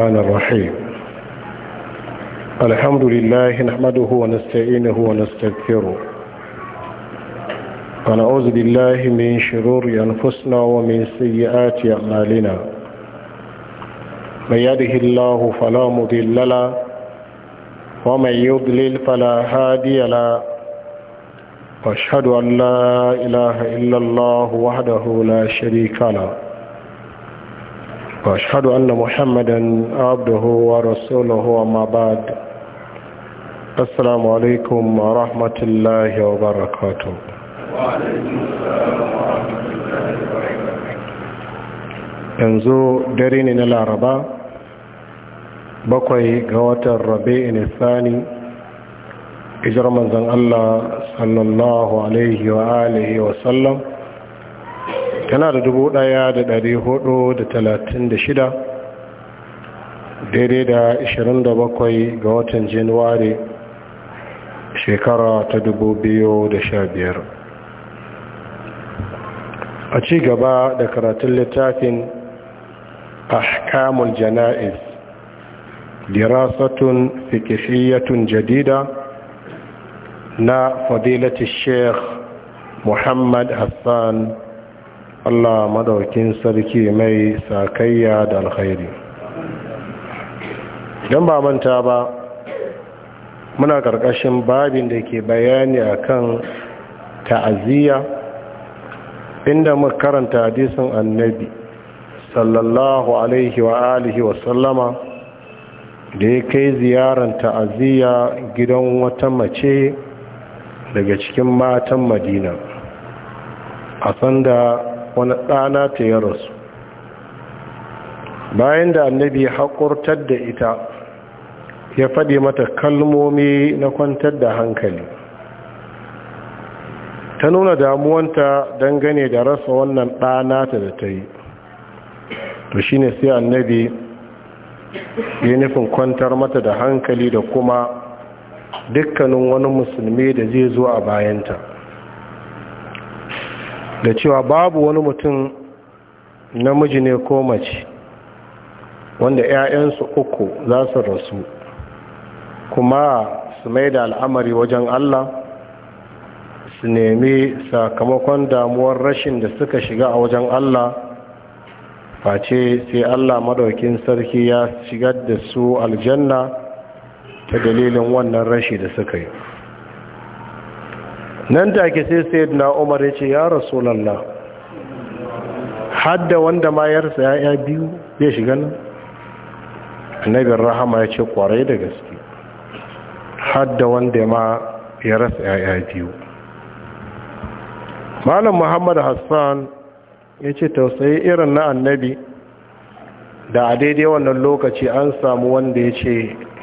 الرحمن الرحيم الحمد لله نحمده ونستعينه ونستغفره ونعوذ بالله من شرور أنفسنا ومن سيئات أعمالنا من يده الله فلا مضل له ومن يضلل فلا هادي له واشهد أن لا إله إلا الله وحده لا شريك له واشهد ان محمدا عبده ورسوله وما بعد السلام عليكم ورحمه الله وبركاته yanzu dare ne na laraba bakwai ga watan rabe ne sani ijar manzan allah sallallahu alaihi wa alihi tana da dubu ɗaya da dari hudu da talatin da shida daidai da ashirin da bakwai ga watan januwari shekara ta dubu biyu da sha biyar a ci gaba da karatun littafin ahkamul jana'iz dirasatun fikifiyatun jadida na fadilatun sheikh muhammad hassan Allah madaukin sarki mai sakayya da alkhairi don ba manta ba muna karkashin babin da ke bayani akan ta'aziyya inda muka karanta hadisin annabi sallallahu alaihi wa alihi wa sallama da ya kai ziyarar ta'aziyya gidan wata mace daga cikin matan madina a sanda wani ɗana ta ya rasu bayan da annabi haƙurtar da ita ya faɗi mata kalmomi na kwantar da hankali ta nuna damuwanta dangane da rasa wannan ɗana ta da ta yi to shine sai annabi ya nufin kwantar mata da hankali da kuma dukkanin wani musulmi da zai zo a bayanta da cewa babu wani mutum namiji ne ko mace wanda 'ya'yansu uku za su rasu kuma su mai da al'amari wajen Allah su nemi sakamakon damuwar rashin da suka shiga a wajen Allah face sai Allah madaukin sarki ya shigar da su aljanna ta dalilin wannan rashi da suka yi nan take sai na umar ya ce ya rasulallah hadda wanda ma rasa ya'ya biyu zai shiga nan annabin rahama ya ce kwarai da gaske hadda wanda ma ya rasa ya'ya biyu malam muhammad hassan ya ce tausayi irin na annabi da a daidai wannan lokaci an samu wanda ya ce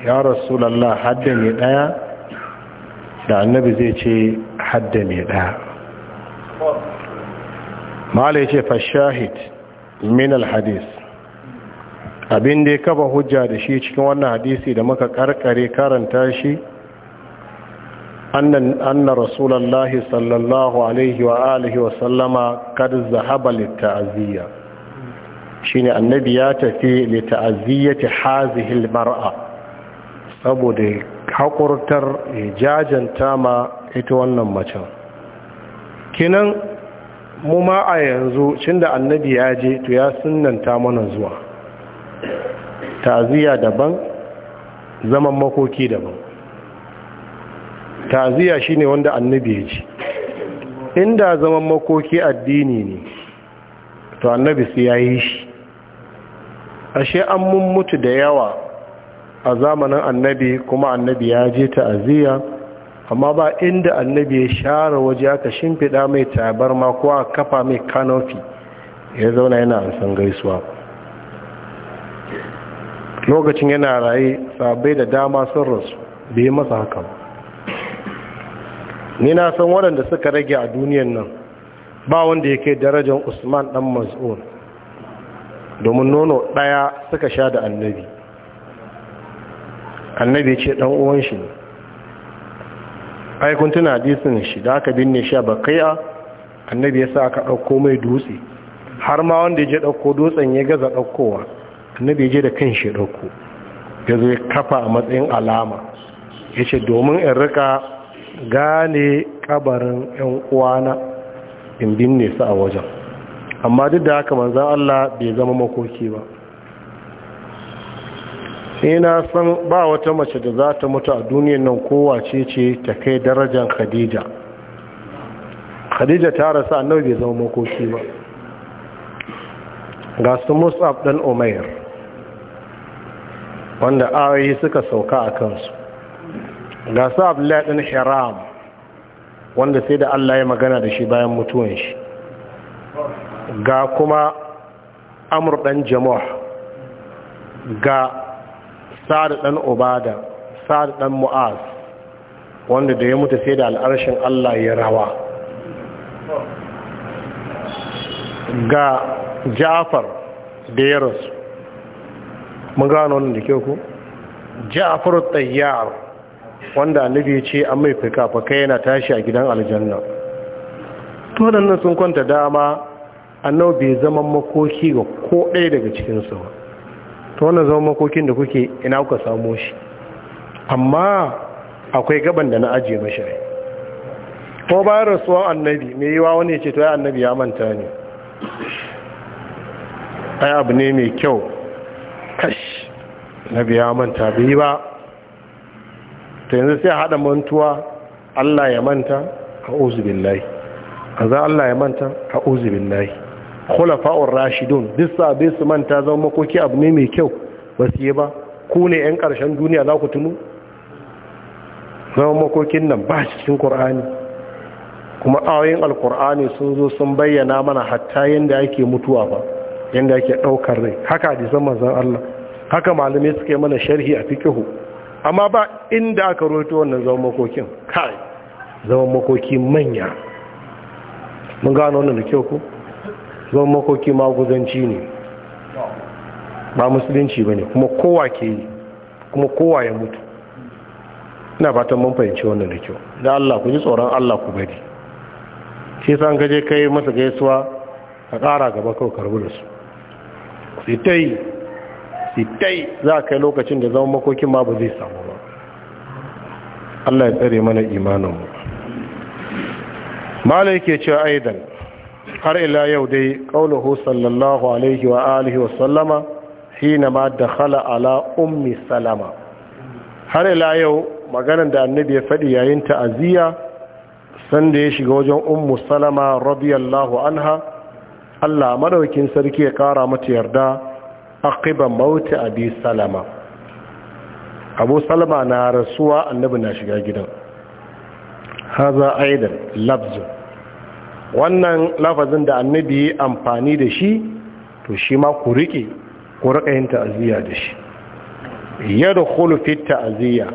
ya rasulallah hadda mai daya da annabi zai ce hadda mai ɗaya mala ya ce fashahid min hadis abin da ya kaba hujja da shi cikin wannan hadisi da muka karkare karanta shi anna rasulallahi sallallahu alaihi wa alihi wa sallama kad zahaba litta'aziyya shine annabi ya tafi litta'aziyyati hazihi al-mar'a saboda hakurtar jajanta ma ita wannan macen kinan mu ma a yanzu cin annabi ya je to ya sunanta mana zuwa taziya daban zaman makoki daban taziya shine wanda annabi ya ji inda zaman makoki addini ne to annabi sai ya yi shi ashe an mun da yawa a zamanin annabi kuma annabi ya je ta'aziyya amma ba inda annabi ya share waje aka shimfiɗa mai ma ko a kafa mai kanofi ya zauna yana ansan gaisuwa lokacin yana raye sabai da dama sun rasu bai masa haka ba ni na san waɗanda suka rage a duniyan nan ba wanda ya kai darajar usman ɗan mas'ud domin nono ɗaya suka sha da annabi annabi ce ɗan uwan shi ne ai kun hadisin shi da aka binne shi a bakai'a annabi ya sa aka ɗauko mai dutse har ma wanda ya je ɗauko dutsen ya gaza ɗaukowa annabi ya je da kan shi ɗauko ya zo ya kafa a matsayin alama ya ce domin in rika gane kabarin 'yan uwana in binne su a wajen amma duk da haka manzan Allah bai zama makoki ba ina na san ba wata mace da za ta mutu a duniyan nan kowace ce ta kai darajar khadija khadija ta rasa annabi bai zama makoki ba ga su musab dan umair wanda ayoyi suka sauka a kansu ga su abdullahi dan hiram wanda sai da Allah ya magana da shi bayan mutuwan shi ga kuma amur dan jamuh ga sa'ad dan ubada sa'ad ɗan mu'az wanda da ya mutu sai da al'arshin Allah ya rawa ga Ja'far da ya rasu mun gano wannan da ke ku Ja'far tayyar wanda annabi ce an mai fika kai yana tashi a gidan aljanna to sun kwanta dama annabi bai zama makoki ga ko ɗaya daga cikinsu ba ta wannan zama makokin da kuke ina kuka samo shi amma akwai gaban da na ajiye mashirai ko bayan rasuwan annabi mai yiwa wani ce to ya annabi ya manta ne ai abu ne mai kyau kash annabi ya manta bai yi ba Ta yanzu sai haɗa mantuwa Allah ya manta a uzu billahi kaza Allah ya manta a billahi khulafa'ur rashidun duk bai su manta zama makoki abu ne mai kyau ba su yi ba ku ne yan ƙarshen duniya za ku tunu zama makokin nan ba cikin ƙur'ani kuma ayoyin alƙur'ani sun zo sun bayyana mana hatta yadda ake mutuwa ba yadda ake ɗaukar rai haka disan mazan Allah haka malamai suka yi mana sharhi a fiqhu amma ba inda aka roto wannan zaman makokin kai zaman makoki manya mun gano wannan da kyau ko zuwan makoki maguzanci ne ba musulunci ba ne kuma kowa ke yi kuma kowa ya mutu ina fatan mun fahimci wannan da kyau da Allah ku ji tsoron Allah ku bari shi san gaje kai masa gaisuwa ka ƙara gaba kawai karbu da su sitai sitai za kai lokacin da zama makokin ma ba zai samu ba Allah ya tsare mana imanin mu. malai ke cewa aidan har ila yau dai ƙaunahu sallallahu alaihi wa alihi wa sallama hina ma da khala ala ummi salama har ila yau maganar da annabi ya faɗi yayin ta'aziyya sanda ya shiga wajen ummu salama radiyallahu anha Allah madaukin sarki ya ƙara mata yarda aqiba mauti abi salama abu salama na rasuwa annabi na shiga gidan haza aidan labzun wannan lafazin da annabi ya amfani da shi to shi ma ku riƙe ku riƙe yin ta'aziyya da shi yadda hulufin ta'aziyya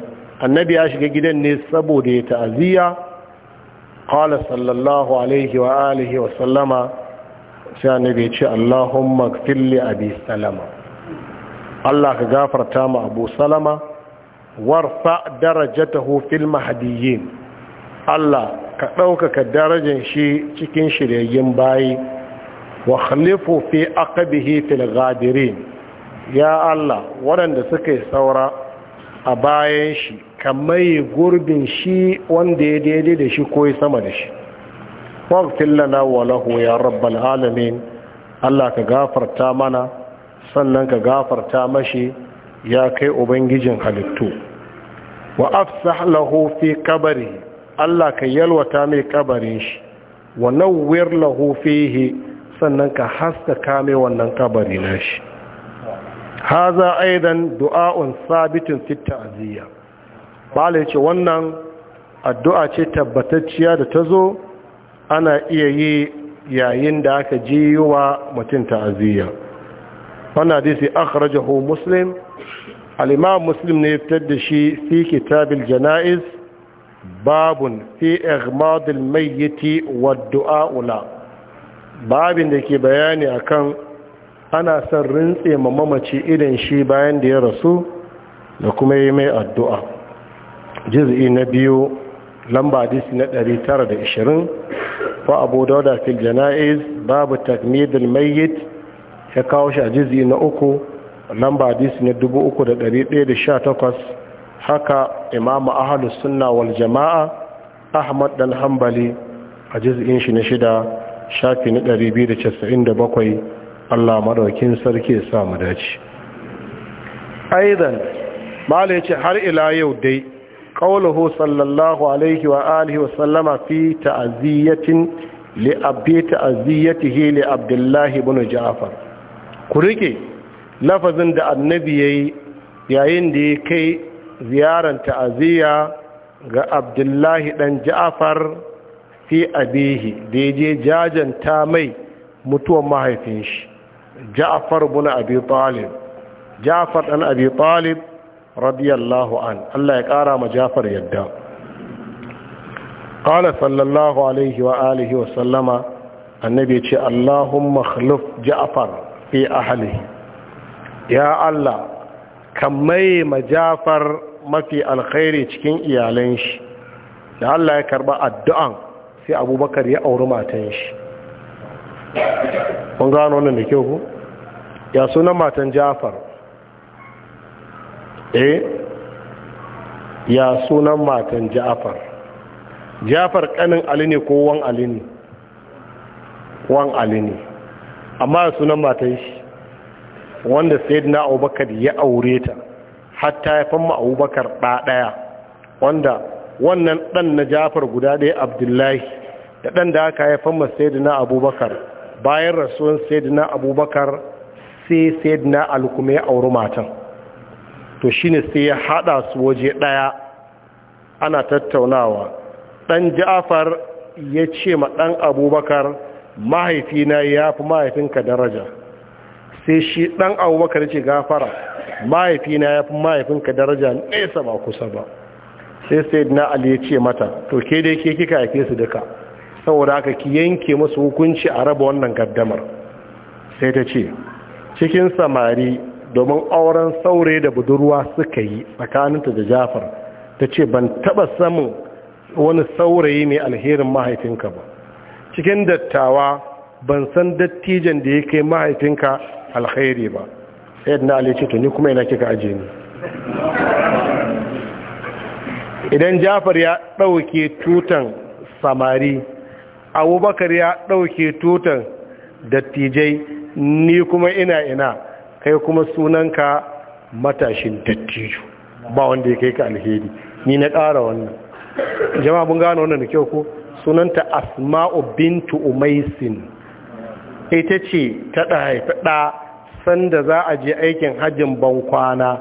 annabi ya shiga gidan ne saboda ya ta'aziyya ƙala sallallahu alaihi wa alihi wa sallama sai annabi ya ce allahumma filli abi salama allah ka gafarta ma abu salama warfa darajata fil mahadiyyin allah ka ɗaukaka darajar shi cikin shiryayyen bayi wa khalifu fi aqabihi fil ghadirin ya Allah waɗanda suka yi saura a bayan shi kamar gurbin shi wanda ya daidai da shi ko sama da shi waqtil lana wa lahu ya rabbal alamin Allah ka gafarta mana sannan ka gafarta mashi ya kai ubangijin halittu wa afsah lahu fi kabari Allah ka yalwata mai kabarin shi wa nawwir lahu fihi sannan ka haskaka mai wannan kabari nashi haza aidan du'a'un sabitin fi ta'ziya bala yace wannan addu'a ce tabbatacciya da ta zo ana iya yi yayin da aka ji wa mutum ta'aziyya wannan hadisi akhrajahu muslim al-imam muslim ne ya fitar da shi fi kitabil janaiz babun fi ighmadil mayyiti wa du'a'ula babin da ke bayani akan ana son rintse ma mamaci irin shi bayan da ya rasu da kuma yi mai addu'a juz'i na biyu lamba hadisi na 920 fa abu dauda fil janaiz babu takmidil mayyit ya kawo shi a juz'i na uku lamba hadisi na 3118 haka imamu ahalus suna wal jama'a ahmad dan hambali a jizgin shi na shida shafi na 297 allah maɗaukin sarki ya samu dace aizan mala ya ce har ila yau dai ƙaunahu sallallahu alaihi wa alihi wasallama fi ta'aziyyatin li'abbi ta'aziyyati hili abdullahi bin ja'far ku rike lafazin da annabi yayi yayin da ya kai ziyaran ta'aziyya ga abdullahi ɗan ja'afar fi abihi da ya je jajanta mai mutuwan mahaifin shi ja'afar buna abi talib ja'afar ɗan abi talib radiyallahu an Allah ya ƙara ma Jafar yadda Kala sallallahu alaihi wa alihi wa sallama annabi ce Allahumma khluf ja'afar fi ahlihi ya Allah kan mai ma Jafar. mafi alkhairi cikin iyalan shi da Allah ya karba addu'an sai abubakar ya auri matan shi kun gano wannan da kyau ku ya sunan matan jafar eh ya sunan matan jafar jafar kanin ali ne ko wan ali ne wan ali ne amma sunan matan shi wanda sayyidina abubakar ya aure ta hatta ya fama abubakar ɗa ɗaya wanda wannan ɗan na jafar guda ɗaya abdullahi da ɗan da aka sai ma saidina abubakar bayan rasuwan sayyidina abubakar sai na alkume ya auri matan to shine sai ya haɗa su waje ɗaya ana tattaunawa ɗan jafar ya ce ma ɗan abubakar mahaifina ya fi mahaifinka daraja sai shi ɗan abubakar ce gafara mahaifina ya fi mahaifinka daraja nesa ba kusa ba sai sai na ali ya ce mata to ke dai ke kika haife su duka saboda haka ki yanke musu hukunci a raba wannan gaddamar sai ta ce cikin samari domin auren saure da budurwa suka yi tsakaninta da jafar ta ce ban taba samun wani saurayi mai alherin mahaifinka ba cikin dattawa ban san dattijan da ya kai mahaifinka alheri ba sai na ce to ni kuma ina kika aje ni idan jafar ya ɗauke tutan samari abubakar ya ɗauke tutan dattijai ni kuma ina ina kai kuma sunanka matashin dattijo ba wanda ya kai ka alheri ni na ƙara wannan jama'a mun gano wannan da kyau ko sunanta asma'u bintu umaisin ita ce ta ɗaya sanda za a je aikin hajjin ban kwana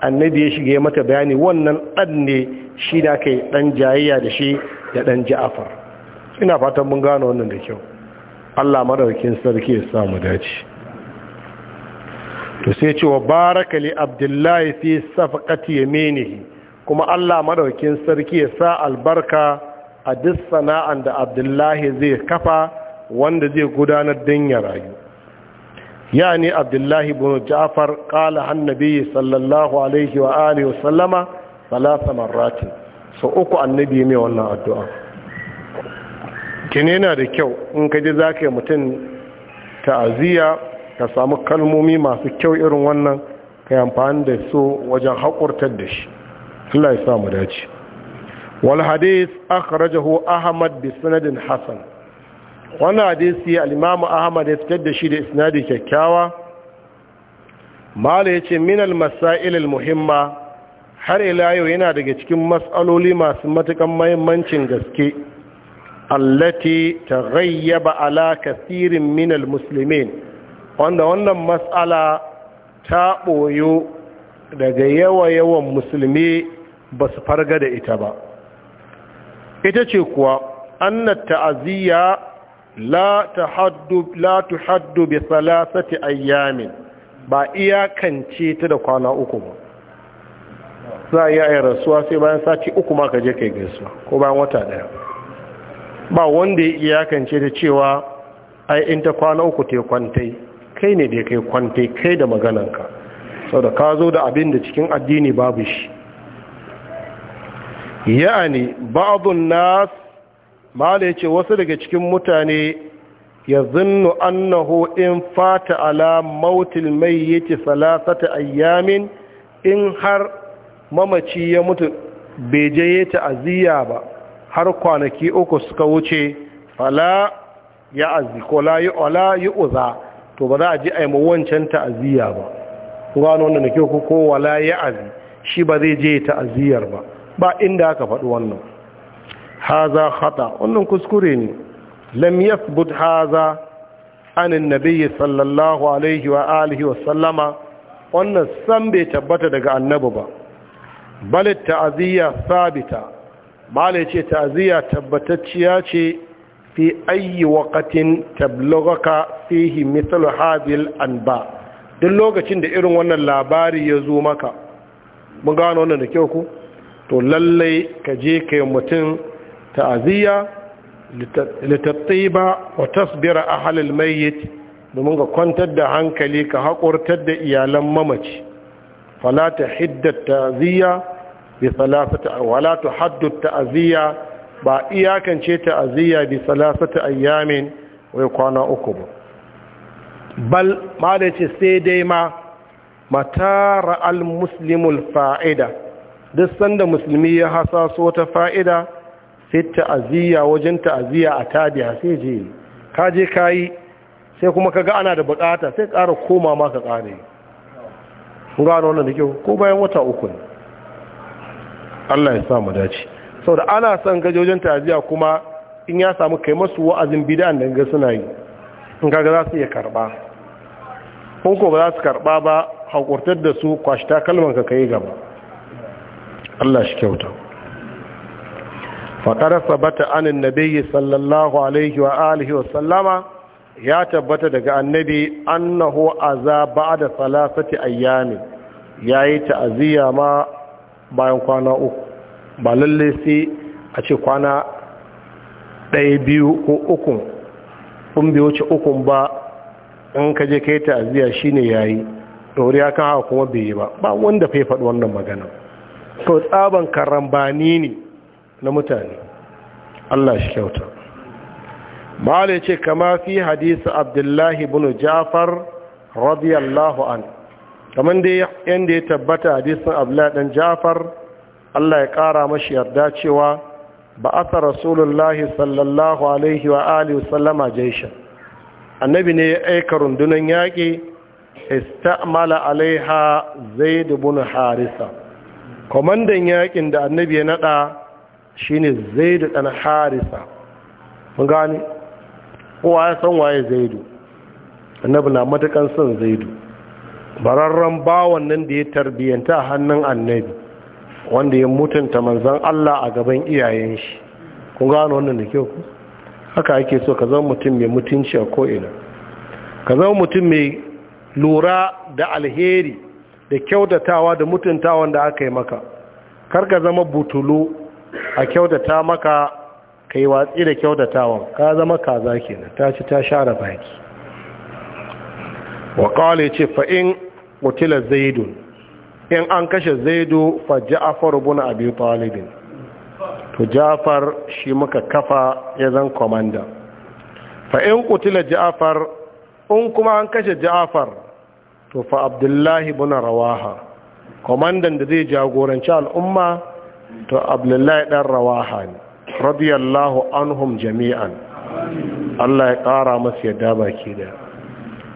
annabi ya shige mata bayani wannan dan ne shi da kai dan jayayya da shi da dan ja'afar ina fatan mun gano wannan da kyau Allah madaukin sarki ya sa mu dace to sai ce wa baraka li abdullahi fi safaqati yaminihi kuma Allah madaukin sarki ya sa albarka a duk sana'an da abdullahi zai kafa wanda zai gudanar don ya rayu يعني عبد الله بن جعفر قال عن النبي صلى الله عليه وآله وسلم ثلاث مرات سأقع النبي مي والله الدعاء كنينا da kyau in ka ji zaka mutum ta'aziya ka samu kalmomi masu kyau irin wannan ka amfani da su wajen haƙurtar da shi Allah ya samu dace wal hadith akhrajahu ahmad bi sanadin hasan wannan hadisi al ahmad ya fitar da shi da isnadi kyakkyawa mala yace min al-masail muhimma har ila yau yana daga cikin matsaloli masu matukan muhimmancin gaske allati taghayyaba ala kathirin min al-muslimin wanda wannan mas'ala ta ɓoyo daga yawa-yawan musulmi ba su farga da ita ba ita ce kuwa annat ta'aziyya la tuhaddu bi salasati ayyamin ba iyakance ta da kwana uku ba za a yi rasuwa sai bayan sati uku ma ka je kai gaisuwa ko bayan wata daya ba wanda ya iyakance ta cewa ai in ta kwana uku te kwantai kai ne da kai kwantai kai da magananka sau da ka zo da abin da cikin addini babu shi ya'ani ba'adun nas mala ya ce wasu daga cikin mutane ya zinnu annahu in fata ala mautil mayyiti salasata ayyamin in har mamaci ya mutu bai je ta'aziyya ba har kwanaki uku suka wuce fala ya ko ola yi uza to ba za a ji a yi wancan ta'aziyya ba gano wanda na ke ko wala ya azi shi ba zai je ta'aziyyar ba ba inda aka faɗi wannan haza khata wannan kuskure ne lam yathbut haza an annabi sallallahu alaihi wa alihi wa sallama wannan san bai tabbata daga annabi ba bal ta'ziya sabita malai ce ta'ziya tabbatacciya ce fi ayi waqtin tablughaka fihi mithlu hadhihi anba duk lokacin da irin wannan labari ya zo maka mun gano wannan da kyau ku to lallai ka je kai mutum ta'aziyya litattiba wa tasbira ahlul mayyit domin ga kwantar da hankali ka haƙurtar da iyalan mamaci fala tahidda haddu ta'aziyya ba iyakance ta'aziyya bi thalathati ayyamin wai kwana uku ba bal ma sai dai ma matara al-muslimul fa'ida duk sanda musulmi ya hasaso ta fa'ida sai ta'aziyya wajen ta'aziyya a tabiya sai je ka je kayi sai kuma ka ga ana da bukata sai ƙara koma ma ka ƙare gano wannan da kyau ko bayan wata uku ne Allah ya sa mu dace saboda ana son gaje wajen ta'aziyya kuma in ya samu kai masu wa'azin bid'an da ga suna yi in kaga za su iya karba kun ko ba za su karba ba hakurtar da su kwashi takalman ka kai gaba Allah shi kyauta faƙar sabata anin nabi sallallahu alaihi wa alihi wa sallama ya tabbata daga annabi annahu aza da salasati ayyami yayi ta'aziyya ma bayan kwana uku ba lalle sai a ce kwana ɗaya biyu ko uku kun biyo ce uku ba in ka je kai ta'aziyya shine yayi doriya kan haka kuma bai yi ba ba wanda fai faɗi wannan magana to tsaban karambani ne na mutane Allah shi kyauta ma'ala ce kama fi hadisi abdullahi bin jafar radiyallahu an kamar da yadda ya tabbata hadisin abdullahi dan jafar Allah ya ƙara mashi yarda cewa ba a ta rasulullahi sallallahu alaihi wa alihi sallama jaisha annabi ne ya aika rundunan yaƙi istamala alaiha zaid bin harisa kwamandan yaƙin da annabi ya naɗa shine zaidu dan harisa mun gane kowa ya san waye zaidu annabi na matakan son zaidu bararren bawan nan da ya tarbiyanta hannun annabi wanda ya mutunta manzan Allah a gaban iyayen shi kun gano wannan da kyau haka ake so ka zama mutum mai mutunci a ko'ina ka zama mutum mai lura da alheri da kyautatawa da mutuntawan da aka yi maka kar ka zama butulu a kyautata maka ka yi watsi da kyautatawan ka zama kaza kenan ta ci ta share baki wa kawale ce fa’in mutila zaidu, in an kashe zaidu fa ja'far ibn abin talibin to ja'far shi muka kafa ya zan komanda fa’in mutila Ja'afar, in kuma an kashe Ja'afar, to fa abdullahi buna rawaha komandan da zai jagoranci al'umma to abdullahi dan rawaha ne radiyallahu anhum jami'an Allah ya ƙara masa yadda baki da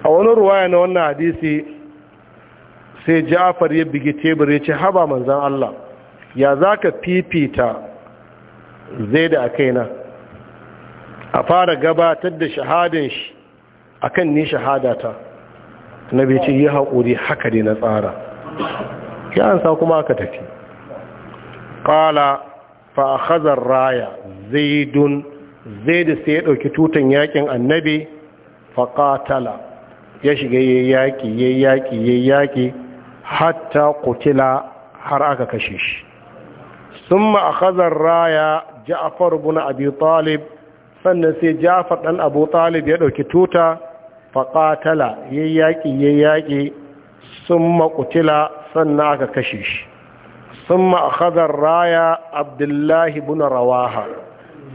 a wani ruwaya na wannan hadisi sai Jafar ya bigi tebur ya ce haba manzan Allah ya zaka fifita zai da a kaina a fara gabatar da shahadin shi akan ni shahada ta. bai ce yi haƙuri haka ne na tsara ya ansa kuma aka tafi qala fa akhadha raya zaidun zaid sai ya dauki tutan yakin annabi fa qatala ya shiga yayi yaki yayi hatta qutila har aka kashe shi summa akhadha raya ja'far ibn abi talib sannan sai ja'far dan abu talib ya dauki tuta fa qatala yayi yaki yayi yaki summa qutila sannan aka kashe shi sun ma'akazar raya abdullahi buna rawaha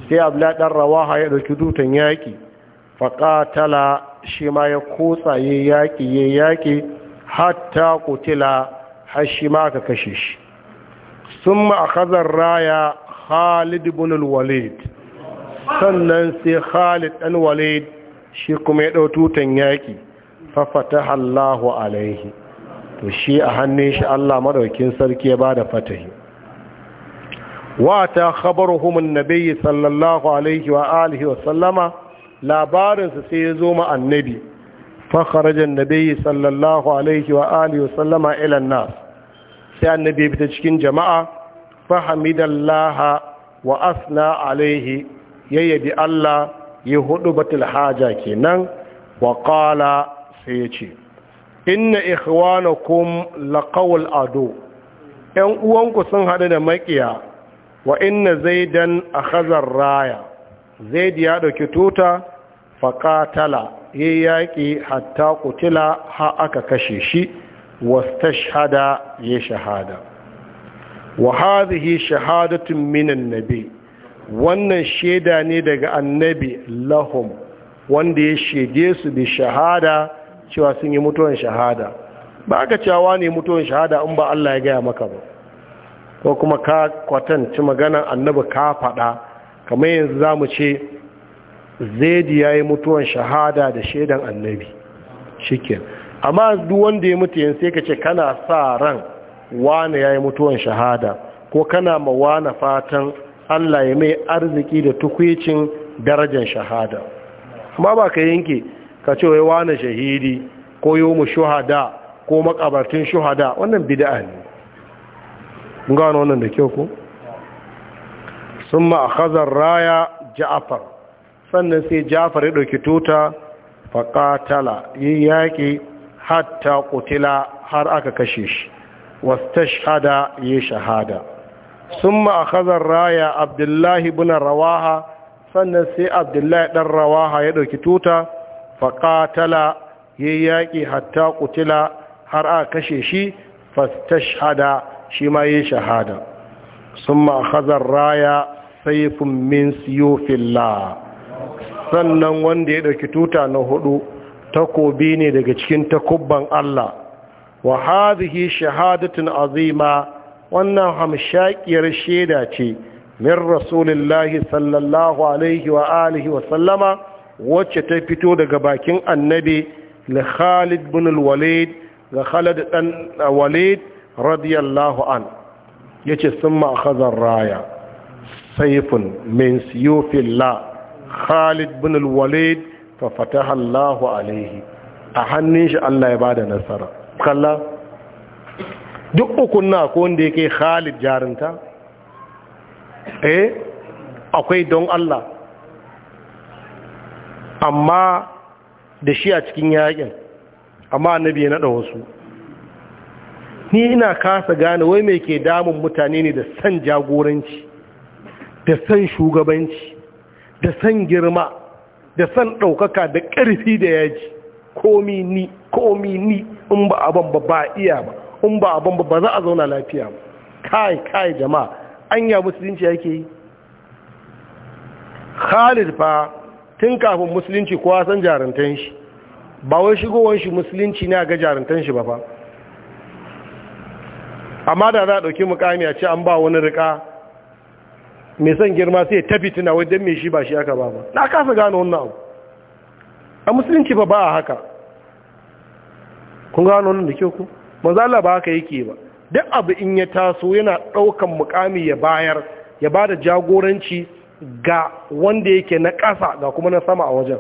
sai abdullahi ɗan rawaha ya ɗauki dutan yaƙi faƙatala shi ma ya kotsa ya yaƙi hatta kutila har shi ma aka kashe shi sun ma'akazar raya khalid bin walid sannan sai khalid ɗan walid shi kuma ya ɗau tutan yaƙi fafata allahu alaihi to shi a hannun shi Allah madaukin sarki ya bada fatahi wata khabaruhum annabi sallallahu alaihi wa alihi wa sallama labarin su sai ya zo ma annabi fa kharaja annabi sallallahu alaihi wa alihi wa sallama ila nas sai annabi fita cikin jama'a fa hamidallaha wa asna alaihi yabi Allah ya huɗu batul haja kenan wa qala sai ya ce inna ikhwanakum laqawul ado ‘yan uwanku sun haɗu da maƙiya wa inna zaidan a hazar raya zaid ya ɗauki tuta faƙatala ya yaƙi hatta kutila ha aka kashe shi wasta shahada ya shahada wa hazihi shahadatun minan nabi wannan shaida ne daga annabi lahum wanda ya shaide su bi shahada cewa sun yi mutuwan shahada ba ka cewa ne mutuwan shahada in ba Allah ya gaya maka ba ko kuma ka kwatanci maganan annabi ka faɗa kamar yanzu za mu ce zaidi ya yi mutuwan shahada da shaidan annabi shikin amma duk wanda ya mutu yanzu sai ka ce kana sa ran wane ya yi mutuwan shahada ko kana ma wane fatan Allah ya mai arziki da tukwicin darajar shahada amma ba ka yanke ka ce wai wani shahidi ko mu shuhada ko makabartin shuhada wannan bid'a ne mun gano wannan da kyau ko summa akhadha raya ja'far sannan sai ja'far ya dauki tuta faqatala yi yaki hatta qutila har aka kashe shi wastashhada yi shahada summa akhadha raya abdullahi ibn rawaha sannan sai abdullahi dan rawaha ya dauki tuta faƙatala ya yaƙi hatta kutila har a kashe shi fastashhada shi ma yi shahada sun ma'azar raya saifin min siyofilla sannan wanda ya ɗauki tuta na hudu takobi ne daga cikin takubban Allah wa hadhihi shahadatun azima wannan hamshakiyar shaida ce min rasulillahi sallallahu alaihi wa alihi wa sallama wacce ta fito daga bakin annabi li khalid bin walid ga khalid dan walid radiyallahu an yace summa akhadha raya sayfun min siyufillah khalid bin walid fa fataha Allah alaihi a hannun shi Allah ya bada nasara kalla duk ukunna ko wanda yake khalid jarinta eh akwai don Allah amma da shi a cikin yaƙin amma annabi ya naɗa wasu ni ina kasa gane wai mai ke damun mutane ne da san jagoranci da san shugabanci da san girma da san ɗaukaka da ƙarfi da yaji komi ni komi ni in ba abin ba ba iya ba in ba abin ba ba za a zauna lafiya ba kai kai jama'a anya musulunci yake yi khalid fa tun kafin musulunci kowa san jarantan shi ba wai shigowar shi musulunci ne a ga jarantan shi ba fa amma da za a ɗauki mukami a ce an ba wani rika mai son girma sai ta fitina don mai shi ba shi aka ba ba na kasa gano wannan abu a musulunci ba ba a haka kun gano wannan da kyau ku manzala ba haka yake ba duk abu in ya taso yana ɗaukan mukami ya bayar ya ba da jagoranci ga wanda yake na ƙasa ga kuma na sama a wajen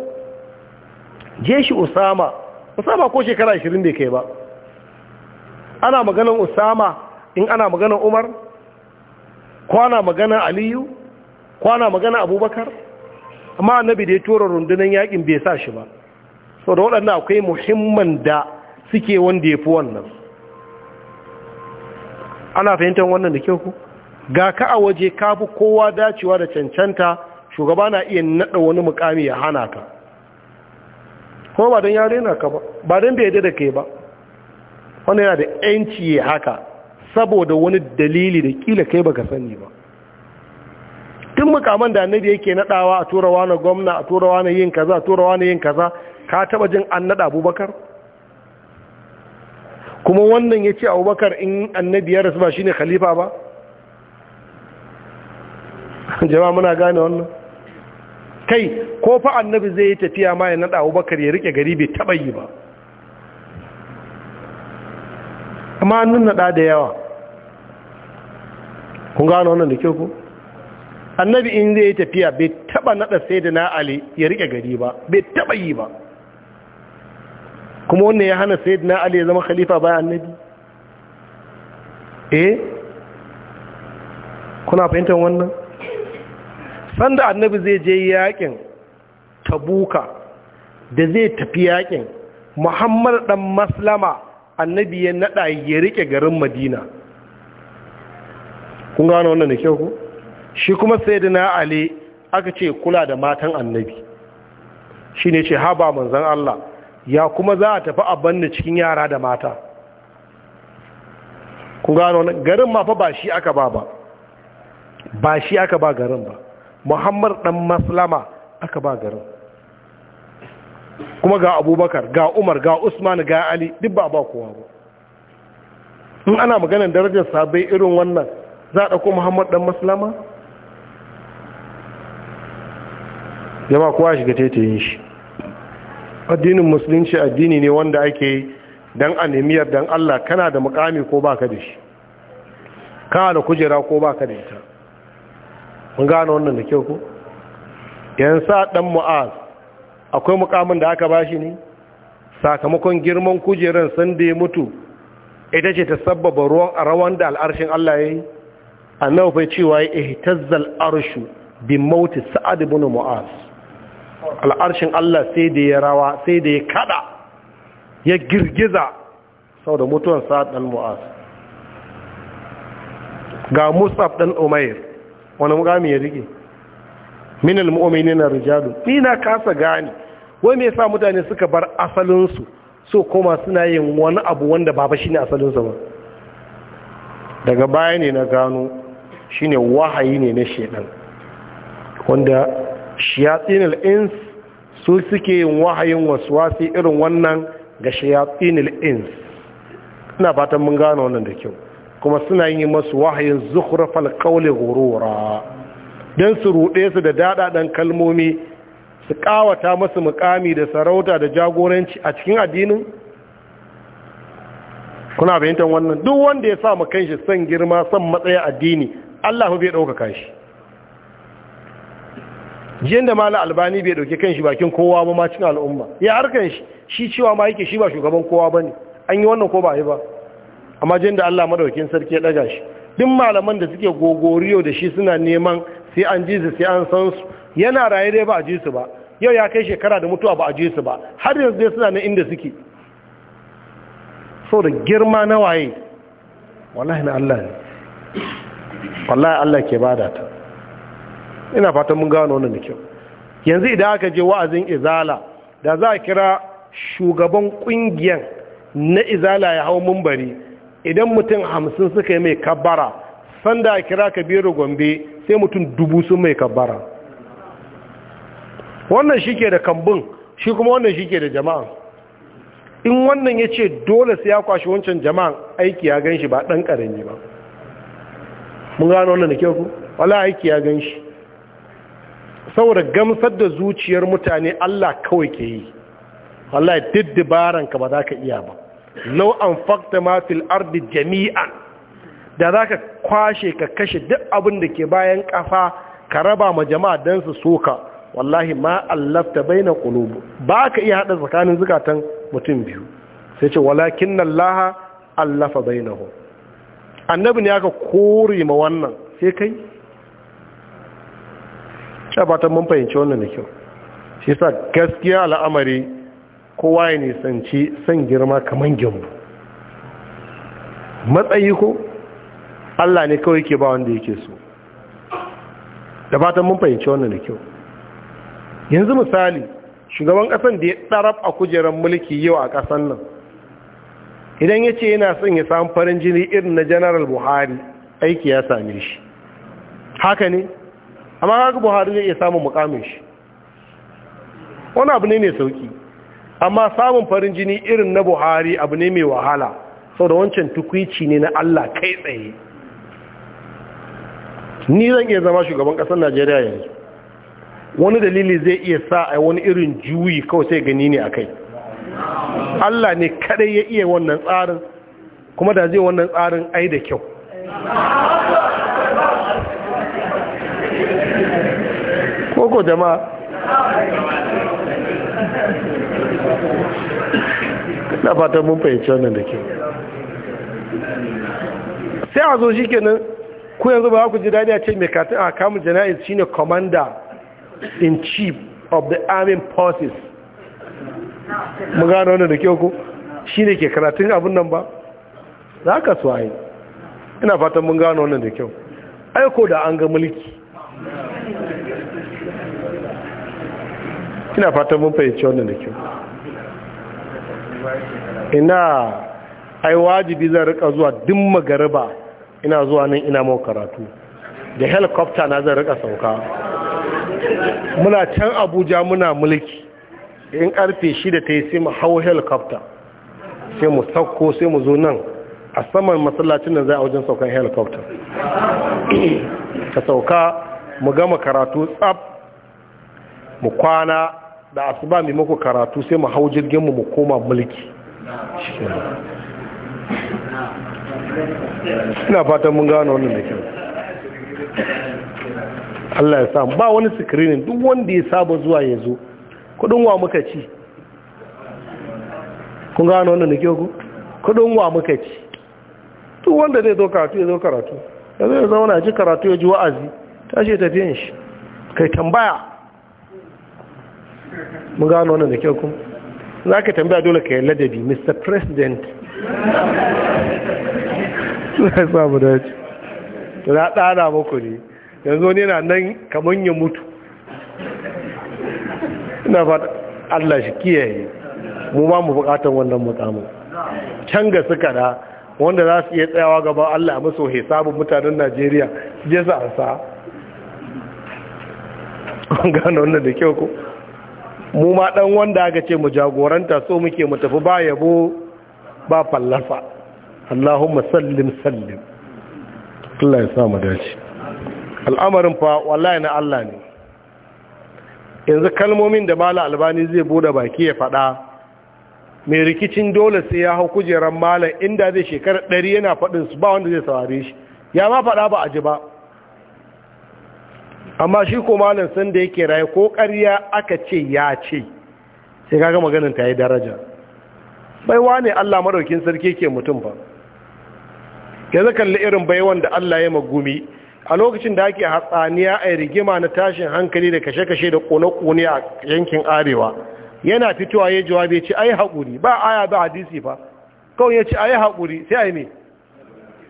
jeshi usama usama ko shekara 20 bai kai ba ana maganin usama in ana maganin umar kwana maganin aliyu kwana maganin abubakar amma annabi da ya tura rundunar yakin bai sa shi ba sau da waɗanda akwai muhimman da suke wanda ya fi wannan ana fahimtar wannan da kyau ku ga ka a waje ka fi kowa dacewa da cancanta shugaba na iya naɗa wani mukami ya hana ka kuma ba don ya rena ka ba ba don bai da ba wanda yana da yanci ya haka saboda wani dalili da ƙila kai baka sani ba tun mukaman da annabi yake naɗawa a turawa na gwamna a turawa na yin kaza a turawa na yin kaza ka taba jin an naɗa abubakar kuma wannan ya ce abubakar in annabi ya rasu ba shine khalifa ba jama'a muna gane wannan kai ko fa annabi zai yi tafiya ma ya nada abubakar ya rike gari bai taba yi ba amma an nuna da da yawa kun gane wannan da kyau ku annabi in zai yi tafiya bai taba nada sai da na ali ya rike gari ba bai taba yi ba kuma wannan ya hana sai da na ali ya zama khalifa bayan annabi eh kuna fahimtar wannan sanda annabi zai je yakin tabuka da zai tafi yakin muhammad dan maslama annabi ya nada ya rike garin madina kun gano wannan da kyau ku shi kuma sayyidina ali aka ce kula da matan annabi shi ce haba manzan Allah ya kuma za a tafi a banna cikin yara da mata kun gano garin ma fa ba shi aka ba ba ba shi aka ba garin ba muhammad dan maslama aka ba garin kuma ga abubakar ga umar ga usman ga ali duk ba ba kowa ba in ana maganar darajar sabai irin wannan za a ɗauko muhammad dan maslama jama kowa shiga taitayin shi addinin musulunci addini ne wanda ake yi don anemiyar don allah kana da mukami ko baka da shi kana da kujera ko baka da ita mun gano wannan da kyau ko yansa dan mu'az akwai mukamin da aka bashi ne sakamakon girman kujeran san da ya mutu ita ce ta sabbaba ruwan a da al'arshin Allah ya yi annabi bai cewa ya ihtazzal arshu bi mauti sa'ad ibn mu'az al'arshin Allah sai da ya rawa sai da ya kada ya girgiza sau da mutuwan sa'ad dan mu'az ga musab dan umair wani mukami ya rike mu'minin na rijalu ni na kasa gane wai me yasa mutane suka bar asalinsu? so koma suna yin wani abu wanda ba shine asalin sa ba daga baya ne na gano shine wahayi ne na shedan wanda shayatin ins su suke yin wahayin waswasi irin wannan ga shayatin ins ina fatan mun gano wannan da kyau kuma suna yi masu wahayin zukhrafal qawli gurura don su ruɗe su da daɗaɗan kalmomi su ƙawata masu mukami da sarauta da jagoranci a cikin addinin kuna bayyantar wannan duk wanda ya sa makan shi son girma son matsaya addini Allah bai ɗaukaka shi jiyan da mala albani bai ɗauke kan shi bakin kowa ba ma cikin al'umma ya harkar shi shi cewa ma yake shi ba shugaban kowa ba ne an yi wannan ko ba yi ba amma jin da Allah madaukin sarki ya daga shi duk malaman da suke gogoriyo da shi suna neman sai an ji su sai an san su yana raye dai ba a ji su ba yau ya kai shekara da mutuwa ba a ji su ba har yanzu dai suna nan inda suke so da girma na waye wallahi na Allah ne wallahi Allah ke bada ta ina fatan mun gano wannan da kyau yanzu idan aka je wa'azin izala da za a kira shugaban kungiyan na izala ya hau mumbari idan mutum hamsin suka yi mai kabara, sanda a kira kabiru gombe sai mutum dubu sun mai kabbara wannan shi ke da kambun shi kuma wannan shi ke da jama'a in wannan ya ce dole sai ya kwashi wancan jama'an aiki ya gan shi ba ɗan ƙarami ba mun gano wannan da kyau ku wala aiki ya gan shi saboda gamsar da zuciyar mutane allah kawai ke yi wallahi dabaranka ba za ka iya ba law anfaqta ma fil ardi jami'an da zaka kwashe ka kashe duk abin da ke bayan kafa ka raba ma jama'a dan su soka wallahi ma allafta baina ba baka iya haɗa tsakanin zukatan mutum biyu sai ce walakin laha, allafa bainahum annabi ne aka kore ma wannan sai kai ce mun fahimci wannan da kyau shi sa gaskiya al'amari kowa ya nisanci son girma kamar gyamu matsayi ko Allah ne kawai ke ba wanda yake so da fatan mun fahimci wannan da kyau yanzu misali shugaban kasan da ya ɗarab a kujerar mulki yau a kasan nan idan ya ce yana son ya samu farin jini irin na general buhari aiki ya same shi haka ne amma haka buhari zai iya samun mukamin shi wani abu ne ne sauki amma samun farin jini irin na buhari abu ne mai wahala sau da wancan tukwici ne na allah kai tsaye ni zan iya zama shugaban ƙasar najeriya yanzu wani dalili zai iya sa a wani irin juyi kawai sai gani ne a kai allah ne kadai ya iya wannan tsarin kuma da zai wannan tsarin ai da kyau koko jama'a na fatan mun fahimci wannan da ke sai a zo shi kenan ku yanzu ba ku ji dadi a ce mai katin a kamun shi shine commander in chief of the army forces mu gano wannan da ke ku shi ne ke karatun abin nan ba za ka su ayi ina fatan mun gano wannan da kyau aiko da an ga mulki ina fatan mun fahimci wannan da kyau ina ai wajibi zan rika zuwa duk magariba ina zuwa nan ina mau karatu da helicopter na zan rika sauka muna can abuja muna mulki in karfe shida ta yi sai mu hau helicopter sai mu sauko sai mu zo nan a saman masallacin da za a wajen saukan helicopter ka sauka mu gama karatu tsab mu kwana da asuba mai mako karatu sai mu hau jirgin mu mu koma mulki ina fatan mun gano wannan da kyau Allah ya samu ba wani sikirinin duk wanda ya saba zuwa ya zo kudin wa muka ci kun gano wannan da kyau ku kudin wa muka ci duk wanda zai zo karatu ya zo karatu ya zai zauna ji karatu ya ji wa'azi tashi tafiyan shi kai tambaya mun gano wannan da kyau kuma za ka tambaya dole ka yi ladabi mr president suna samu dace na ɗana muku ne yanzu wani yana nan kamar yin mutu ina fata allah shi kiyaye mu ba mu bukatar wannan mutamu can ga suka da wanda za su iya tsayawa gaban allah maso hisabin mutanen najeriya su je su ansa gano wannan da kyau ku. mu ma dan wanda aka ce mu jagoranta so muke mu tafi ba yabo ba fallafa Allahumma sallim sallim Allah ya sa mu dace al'amarin fa wallahi na Allah ne yanzu kalmomin da mala albani zai bude baki ya fada mai rikicin dole sai ya hau kujeran mala inda zai shekara ɗari yana faɗin su ba wanda zai saurare shi ya ma fada ba a ji ba amma shi ko malam sun da yake raye ko ƙarya aka ce ya ce sai kaga maganin ta yi daraja baiwa ne Allah maraukin sarki ke mutum ba yanzu kalli irin baiwan da Allah ya magumi a lokacin da ake hatsaniya a rigima na tashin hankali da kashe-kashe da kone-kone a yankin arewa yana fitowa ya jawabe ci ai haƙuri ba aya ba hadisi fa kawai ya ci ai haƙuri sai ai ne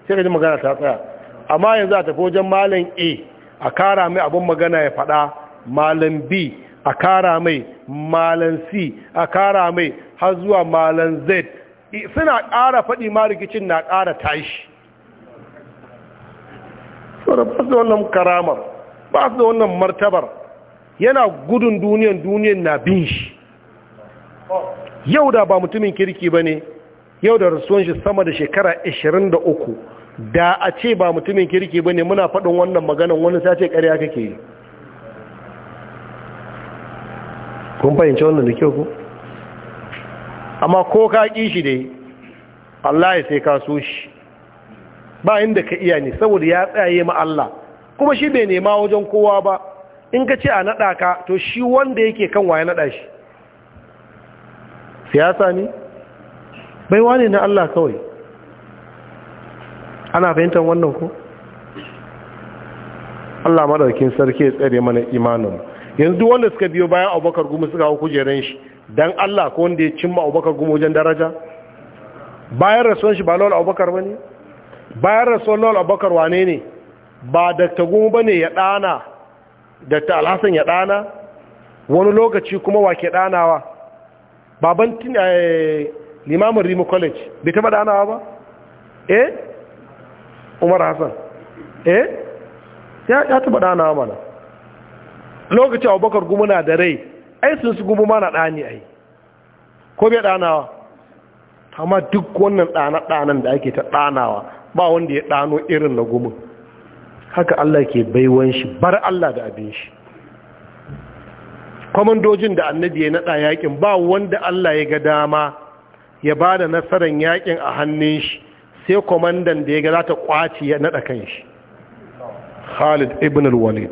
sai ka ji magana ta tsaya amma yanzu a tafi wajen malam a a kara mai abin magana ya fada malam b a kara mai malam c a kara mai har zuwa malam z suna kara faɗi ma rikicin na kara tashi saboda wannan karamar ba su da wannan martabar yana gudun duniyan duniyan na bin shi yau da ba mutumin kirki ba ne yau da rasuwan shi sama da shekara 23 da a ce ba mutumin kirki ba ne muna faɗin wannan maganan wani sace ƙarya kake yi kun fahimci wannan da kyau ku amma ko ka ƙi shi dai Allah ya sai ka so shi ba inda ka iya ne saboda ya tsaye ma Allah kuma shi bai nema wajen kowa ba in ka ce a naɗa ka to shi wanda yake kan waye naɗa shi siyasa ne baiwa ne na Allah kawai ana fahimtar wannan ku? Allah madaukin sarki ya tsare mana imanin yanzu wanda suka biyo bayan abubakar gumu suka hau kujeran shi dan Allah ko wanda ya cimma abubakar gumu wajen daraja bayan rasuwan shi ba lawal abubakar ba ne bayan rasuwan lawal abubakar wane ne ba dakta gumu ba ne ya ɗana dakta alhassan ya ɗana wani lokaci kuma wa ke ɗanawa baban eh, limamin rimo college bai taɓa ɗanawa ba eh umar hassan eh ya ya taba dana mana Lokaci abubakar gumu na da rai ai sun su gumu mana dani ai ko bai danawa amma duk wannan dana-danan da ake ta danawa ba wanda ya dano irin na gumun. haka Allah ke baiwan shi bar Allah da abin shi kwamandojin da annabi ya naɗa yakin ba wanda Allah ya ga dama ya bada da nasarar yakin a hannun shi sai kwamandan da ya ga za ta kwaci ya naɗa kan shi khalid ibn al-walid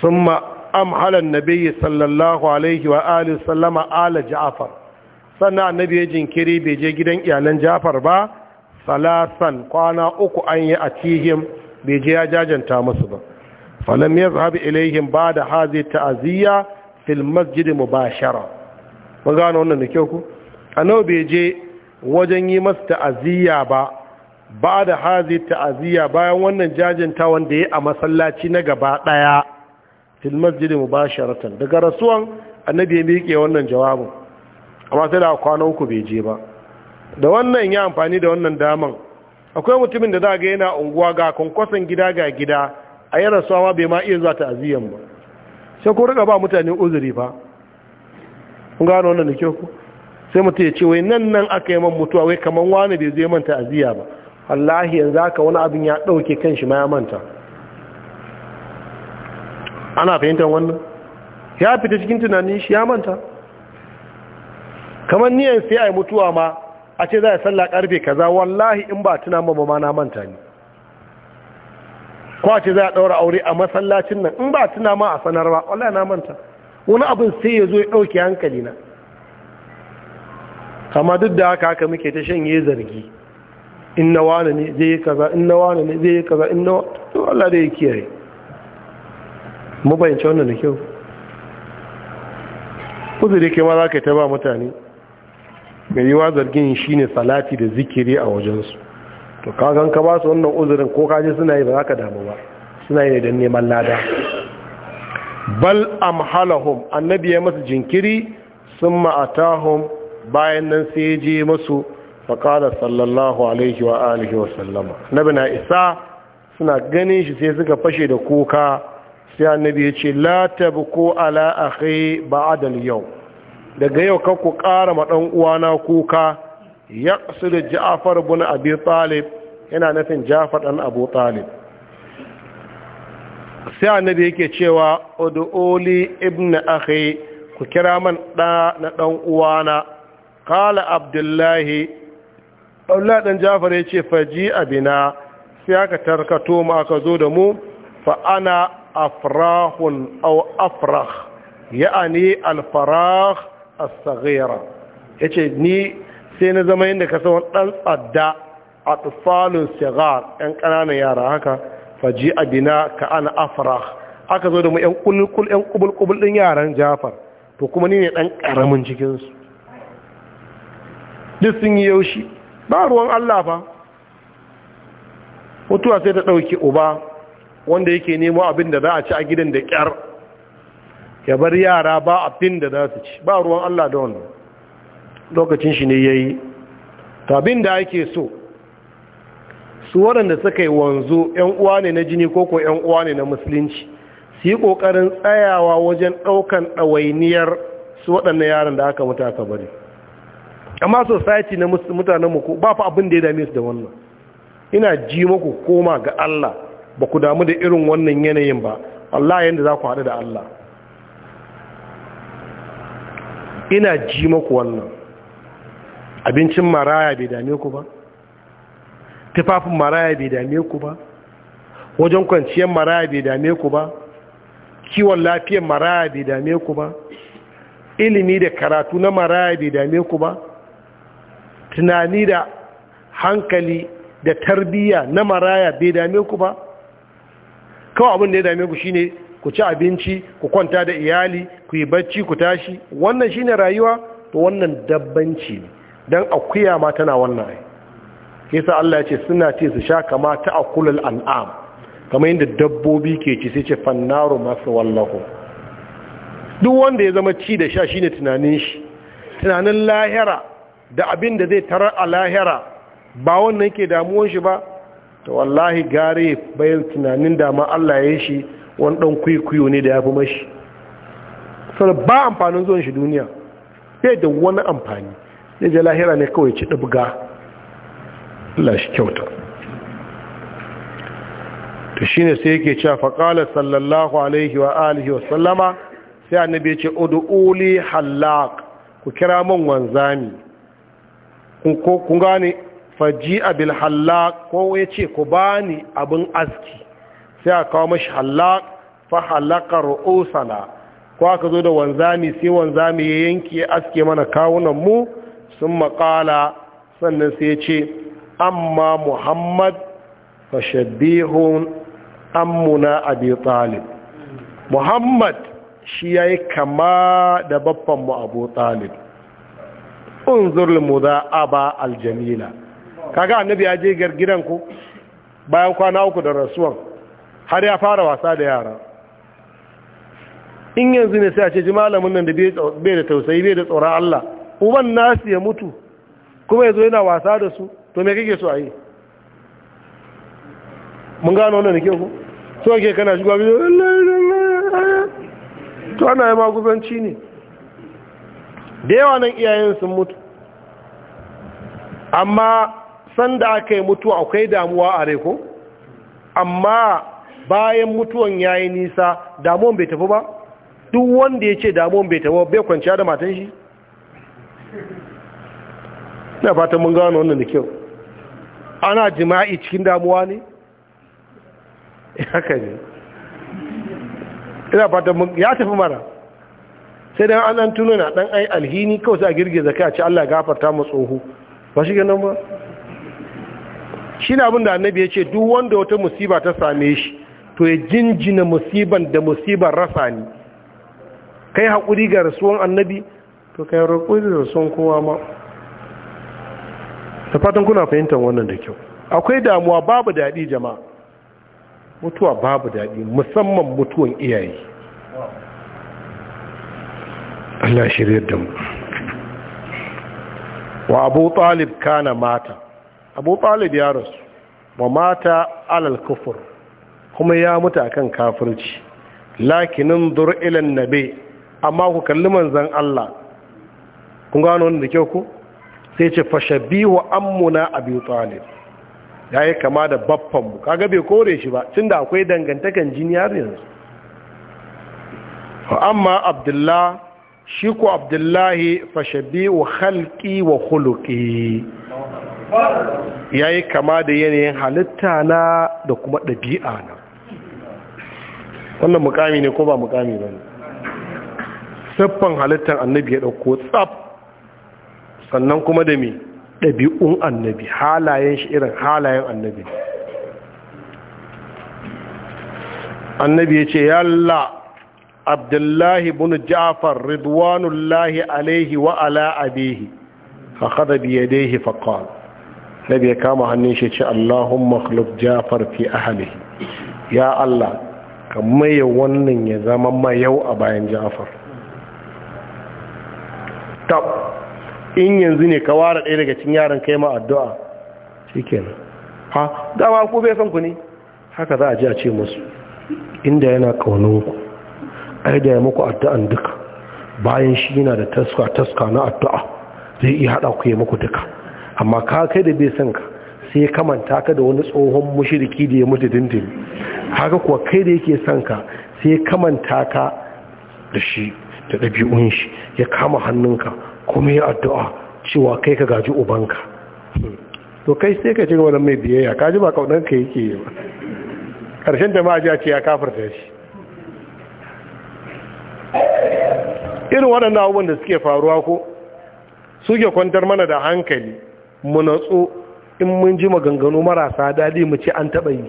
sun na biyu sallallahu alaihi wa alihi sallama ala ja'afar sannan annabi ya jinkiri bai je gidan iyalan ja'afar ba salasan kwana uku an yi a cihim bai je ya jajanta musu ba falam ya zahabi ilaihim ba da hazi ta'aziyya fil masjid mubashara mun gano wannan da kyau ku annabi bai je wajen yi masa ta'aziyya ba ba da hazi ta'aziyya bayan wannan jajinta wanda ya a masallaci na gaba daya fil masjid mubasharatan daga rasuwan annabi ya miƙe wannan jawabin amma sai da kwana uku bai je ba da wannan ya amfani da wannan daman akwai mutumin da za ga yana unguwa ga kwankwason gida ga gida a yi rasuwa ma bai ma iya zuwa ta'aziyyan ba sai ko riga ba mutane uzuri ba? kun gano wannan da kyau sai mutum ya ce wai nan nan aka yi man mutuwa wai kamar wani bai zai manta aziya ba wallahi yanzu haka wani abin ya ɗauke kan shi ma ya manta ana fahimtar wannan ya fita cikin tunanin shi ya manta kamar niyan sai a yi mutuwa ma a ce za a sallah karfe kaza wallahi in ba tuna ma ma na manta ne ko a ce za a ɗaura aure a masallacin nan in ba tuna ma a sanar ba wallahi na manta wani abin sai ya zo ya ɗauke hankali na amma duk da haka haka muke ta shanye zargi in na wane ne zai yi kaza in na wane ne zai yi kaza in na ne Allah da ya kiyaye mu bayyance wannan da kyau uzuri ke ma za ka ta ba mutane mai yiwa zargin shine salati da zikiri a wajensu to kagan ka ba su wannan uzurin ko kaji suna yi ba za ka damu ba suna yi ne don neman lada bal amhalahum annabi ya masu jinkiri sun atahum bayan nan sai ya je masu faƙada sallallahu alaihi wa alihi wa sallama nabi na isa suna ganin shi sai suka fashe da kuka sai annabi ya ce la tabku ala akhi ba'da al-yawm daga yau kanku ku ƙara ma dan uwana kuka yaqsid ja'far ibn abi talib yana nufin ja'far ɗan abu talib sai annabi yake cewa ud'uli ibn akhi ku kira man da na dan uwana qala abdullahi abdullah dan jafar yace faji abina sai aka tarkato mu aka zo da mu fa'ana ana afrahun au afrah ya'ani alfarah as-saghira yace ni sai na zama yadda ka san dan tsadda a sigar yan ƙananan yara haka faji abina ka ana afrah aka zo da mu yan kulkul yan kubul kubul yaran jafar to kuma ni ne ɗan ƙaramin cikinsu. duk sun yi yaushi ba ruwan Allah ba mutuwa sai ta ɗauki uba wanda yake nemo abin da za a ci a gidan da ƙyar ya bar yara ba abin da za su ci ba ruwan Allah da wani lokacin shi ne ya yi abin da ake so su waɗanda suka yi wanzu 'yan uwa ne na jini koko 'yan uwa ne na musulunci su yi ƙoƙarin tsayawa wajen ɗaukan ɗawainiyar su waɗannan yaran da aka mutu aka bari amma society na mutanen mu ba fa abin da ya dame su da wannan ina ji muku koma ga Allah ba ku damu da irin wannan yanayin ba Allah yanda za ku haɗu da Allah ina ji muku wannan abincin maraya bai dame ku ba tufafin maraya bai dame ku ba wajen kwanciyar maraya bai dame ku ba kiwon lafiyar maraya bai dame ku ba ilimi da karatu na maraya bai dame ku ba tunani da hankali da tarbiyya na maraya bai dame ku ba kawai abin da ya dame ku shine ku ci abinci ku kwanta da iyali ku yi bacci ku tashi wannan shine rayuwa to wannan dabbanci ne Don akuya ma tana wannan ai sa Allah ya ce suna ce su sha kama ta akulal an'am kamar yadda dabbobi ke ci sai ce fannaru masu wallahu duk wanda ya zama ci da sha shine tunanin shi tunanin lahira da abin da zai tarar a lahira ba wannan ke damuwan shi ba to wallahi gare bayan tunanin da ma Allah ya shi wani ɗan kwikwiyo ne da ya fi mashi sau ba amfanin zuwan shi duniya sai da wani amfani ya je lahira ne kawai ci ɗabga Allah shi kyauta to shi ne sai yake cewa faƙalar sallallahu alaihi wa alihi wa sallama sai annabi ya ce udu'uli halak ku kira min wanzami kun gane faji abil halak ko ya ce ku bani abin aski sai a kawo mashi hallak fa halakar osana ko aka zo da wanzami sai wanzami ya yanke ya aske mana kawunan mu sun makala sannan sai ya ce amma muhammad fa shabihun ammuna abi talib muhammad shi ya yi kama da mu abu talib unzur ba aljamila kaga annabi ya je gargidan ku bayan kwana uku da rasuwan har ya fara wasa da yara in yanzu ne sai a ce ji malamin nan da bai da tausayi bai da tsoron Allah uban nasu ya mutu kuma yazo yana wasa da su to me kake so a yi mun gano wannan nake ku so ke kana shigo to ana yi maguzanci ne da yawa nan iyayen sun mutu amma sanda aka yi mutu akwai damuwa a reko amma bayan mutuwan ya yi nisa damuwan bai tafi ba duk wanda ya ce damuwan bai tafi bai kwanciya da matan shi na fatan mun gano wannan da kyau ana jima'i cikin damuwa ne ya haka ne fatan ya tafi mara sai dan an tuno na dan ai alhini kawai sai a girge kai a ce Allah gafarta mu tsoho ba shi ganin ba shi ne abin da annabi ya ce duk wanda wata musiba ta same shi to ya jinjina musiban da musibar rasa ni kai hakuri ga rasuwan annabi to kai roƙo da rasuwan kowa ma da fatan kuna fahimtar wannan da kyau akwai damuwa babu daɗi jama'a mutuwa babu daɗi musamman mutuwan iyaye Allah shiryar da mu wa abu talib kana mata abu talib ya rasu wa mata alal kufur kuma ya mutu akan kafirci lakinin dur ilan nabe amma ku kalli manzan Allah kun gano wanda kyau ku sai ce fashabihu ammuna abu talib ya yi kama da baffanmu kaga bai kore shi ba tun da akwai dangantakan jini yanzu amma abdullah shi ku abdullahi fashabi wa halki wa huluki ya yi kama da yanayin halitta na da kuma ɗabi'a na wannan mukami ne ko ba mukami ba ne siffan halittar annabi ya ɗauko tsaf sannan kuma da mai ɗabi'un annabi halayen shi irin halayen annabi annabi ya ce yalla abdullahi bin ja'far ridwanullahi alaihi wa ala abihi fa khada bi yadayhi fa qala ya kama hannun shi ce allahumma khluf ja'far fi ahlihi ya allah ka maye wannan ya zama mayau a bayan ja'far tab in yanzu ne ka ware ɗaya daga cin yaran kai ma addu'a shikenan ha dama ku bai san ku ne haka za a ji a ce musu inda yana kaunanku aida ya muku addu'an duka bayan shi yana da taska taska na addu'a zai iya haɗa ku ya muku duka amma ka kai da bai san ka sai kamanta ka da wani tsohon mushiriki da ya mutu dindin haka kuwa kai da yake san ka sai kamanta ka da shi da ɗabi'un shi ya kama hannunka kuma ya addu'a cewa kai ka gaji ubanka to kai sai ka ci gaba da mai biyayya ka ji ba kaunar ka yake yi ba ƙarshen jama'a ji a ce ya kafarta shi irin waɗannan abubuwan da suke faruwa ko suke kwantar mana da hankali mu natsu in mun ji maganganu marasa daɗi mu ce an taɓa yi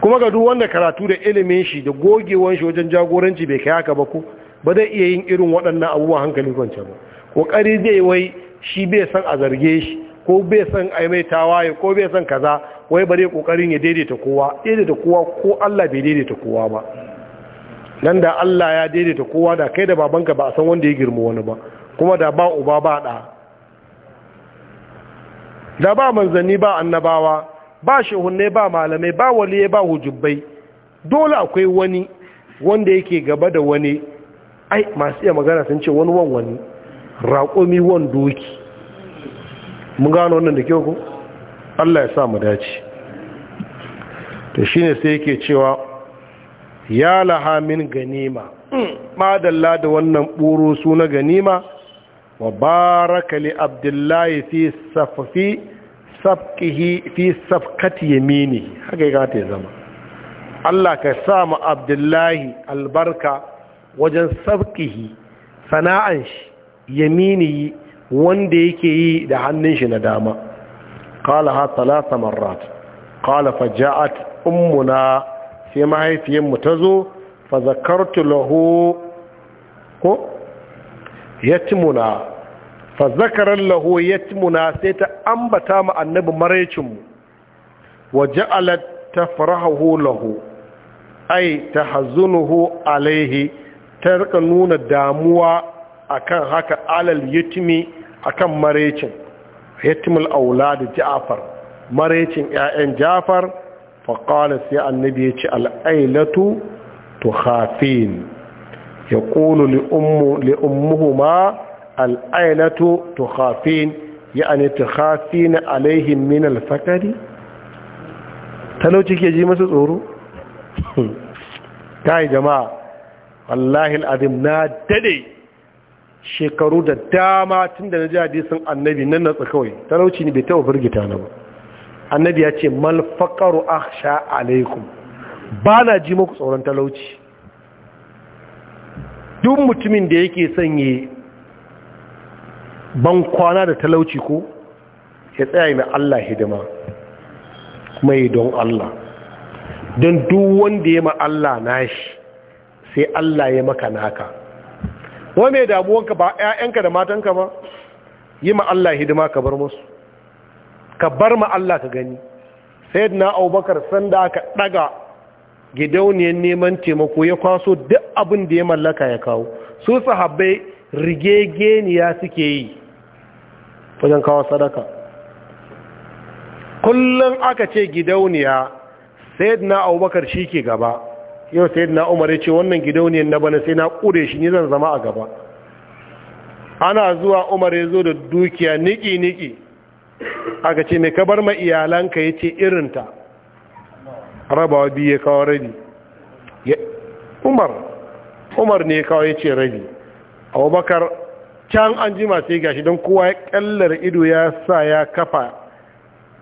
kuma ga duk wanda karatu da ilimin shi da gogewan shi wajen jagoranci bai kai haka ba ko ba zai iya yin irin waɗannan abubuwan hankali kwanci ba ƙoƙari zai wai shi bai san a zarge shi ko bai san a mai tawaye ko bai san kaza wai bare kokarin ya daidaita kowa daidaita kowa ko Allah bai daidaita kowa ba nan da Allah ya daidaita kowa da kai da babanka ba a san wanda ya girma wani ba kuma da ba uba ba ɗa da ba manzanni ba annabawa ba shehunne ba malamai ba waliye ba hujubbai dole akwai wani wanda yake gaba da wani ai masu iya magana sun ce wani wan wani raƙomi wan doki mun gano wannan da kyau ku Allah ya sa mu dace to shine sai yake cewa ya laha min ganima hmm. madalla da wannan buru su na ganima wa baraka li abdullahi fi safafi safkihi fi safkati yamini haka ya zama Allah ka sa ma abdullahi albarka wajen safkihi sana'an shi yamini wanda yake yi da hannun shi na dama qala ha talata marrat qala faja'at ummuna sai mahaifiyarmu ta zo fazakartu lahu ko yatimuna fa lahu yatimuna sai ta ambata ma annabi maraicinmu wa ja'alat tafrahu lahu ai ta hazunuhu alaihi ta rika nuna damuwa akan haka alal yatimi akan maraicin yatimul aulad ja'far maraicin ƴaƴan ja'far faƙala sai annabi ya ce al'ailatu tukhafin ya ƙulu li'ummuhuma al'ailatu tukhafin ya ne tukhafin alaihim min alfakari talauci ke ji masu tsoro ta yi jama'a wallahi al'adim na dade shekaru da dama tun da na ji hadisin annabi nan na tsakawai talauci ne bai taɓa firgita na ba annabi ya ce malfaƙaru Asha alaikum ba na ji muku tsoron talauci duk mutumin da yake sanye ban kwana da talauci ko ya tsaya mai Allah hidima kuma yi don Allah don duk wanda ya ma Allah nashi sai Allah ya maka naka wa mai damuwanka ba 'ya'yanka da matanka ba yi ma Allah hidima ka bar musu ka bar ma Allah ka gani na abubakar sanda aka daga gidauniyar neman taimako ya kwaso duk abin da ya mallaka ya kawo su sahabbai geniya suke yi wajen kawo sadaka kullum aka ce gidauniya na abubakar shi ke gaba yau na umar ya ce wannan gidauniyar na bana sai na kure shi ni zan zama a gaba ana zuwa umar ya zo da dukiya niki-niki aka ce ka kabar ma iyalanka ya ce irinta rabawa biyu ya kawo rabi umar umar ne ya kawo ya ce rabi abubakar can an ji masu sai gashi don kowa ya kallar ido ya sa ya kafa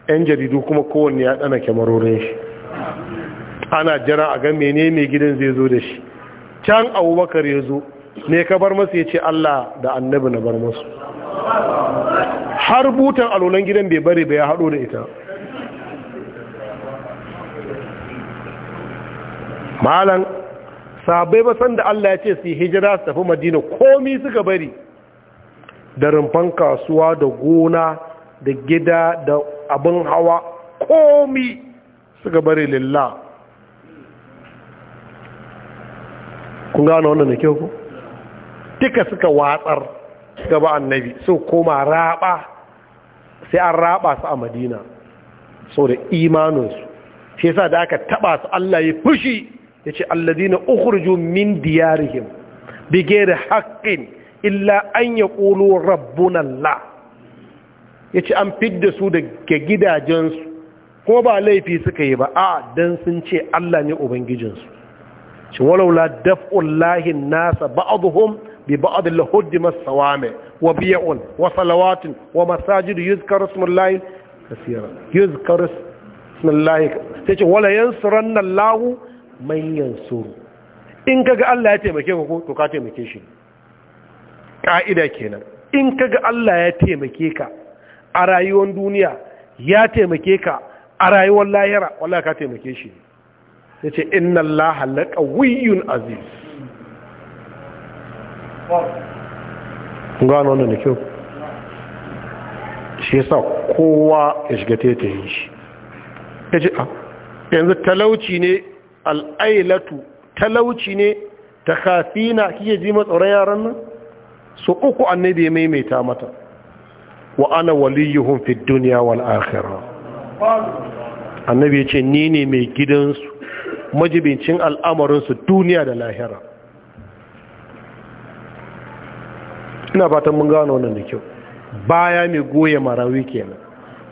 'yan jaridu kuma kowanne ya dana kyamarorin shi ana jira a ga mene mai gidan zai zo da shi can abubakar ya zo ne ka bar masu ya ce allah da annabi na bar masu har butan alolan gidan bai bari ba ya haɗo da ita malan sabai ba sanda Allah ya ce su yi hijira su tafi madina komi suka bari da rumfan kasuwa da gona da gida da abin hawa komi suka bari lilla. kun gano wannan da kyau ku duka suka watsar gaba annabi su koma raba sai an raba su a madina sau da imaninsu shi yasa da aka taba su Allah ya fushi ya ce alladina ukhruju min diyarihim bi ghairi haqqin illa an yaqulu rabbuna Allah yace an fidda su daga gidajensu ko ba laifi suka yi ba a dan sun ce Allah ne ubangijinsu shin walaula daf'ullahi nasa ba'dhum bi ba'd al-huddimat sawami wa bi'un wa salawatin wa masajid yuzkaru ismullahi kaseera yuzkaru ismullahi sai ce wala yansuranna Allahu man yansuru in kaga Allah ya taimake ka ko to ka taimake shi ka'ida kenan in kaga Allah ya taimake ka a rayuwar duniya ya taimake ka a rayuwar lahira wallahi ka taimake shi yace inna Allaha laqawiyyun azi. gano wannan da kyau shi yasa kowa ya shiga tetayin shi ya ce a ah, yanzu talauci ne al'ailatu talauci ne ta kafina kike ji matsaurin yaran nan su uku annabi ya maimaita mata wa ana waliyuhum fi dunya wal akhirah annabi ya ce ni ne mai gidansu majibincin al'amarinsu duniya da lahira ina fatan mun gano wannan da kyau baya mai goye marawi kenan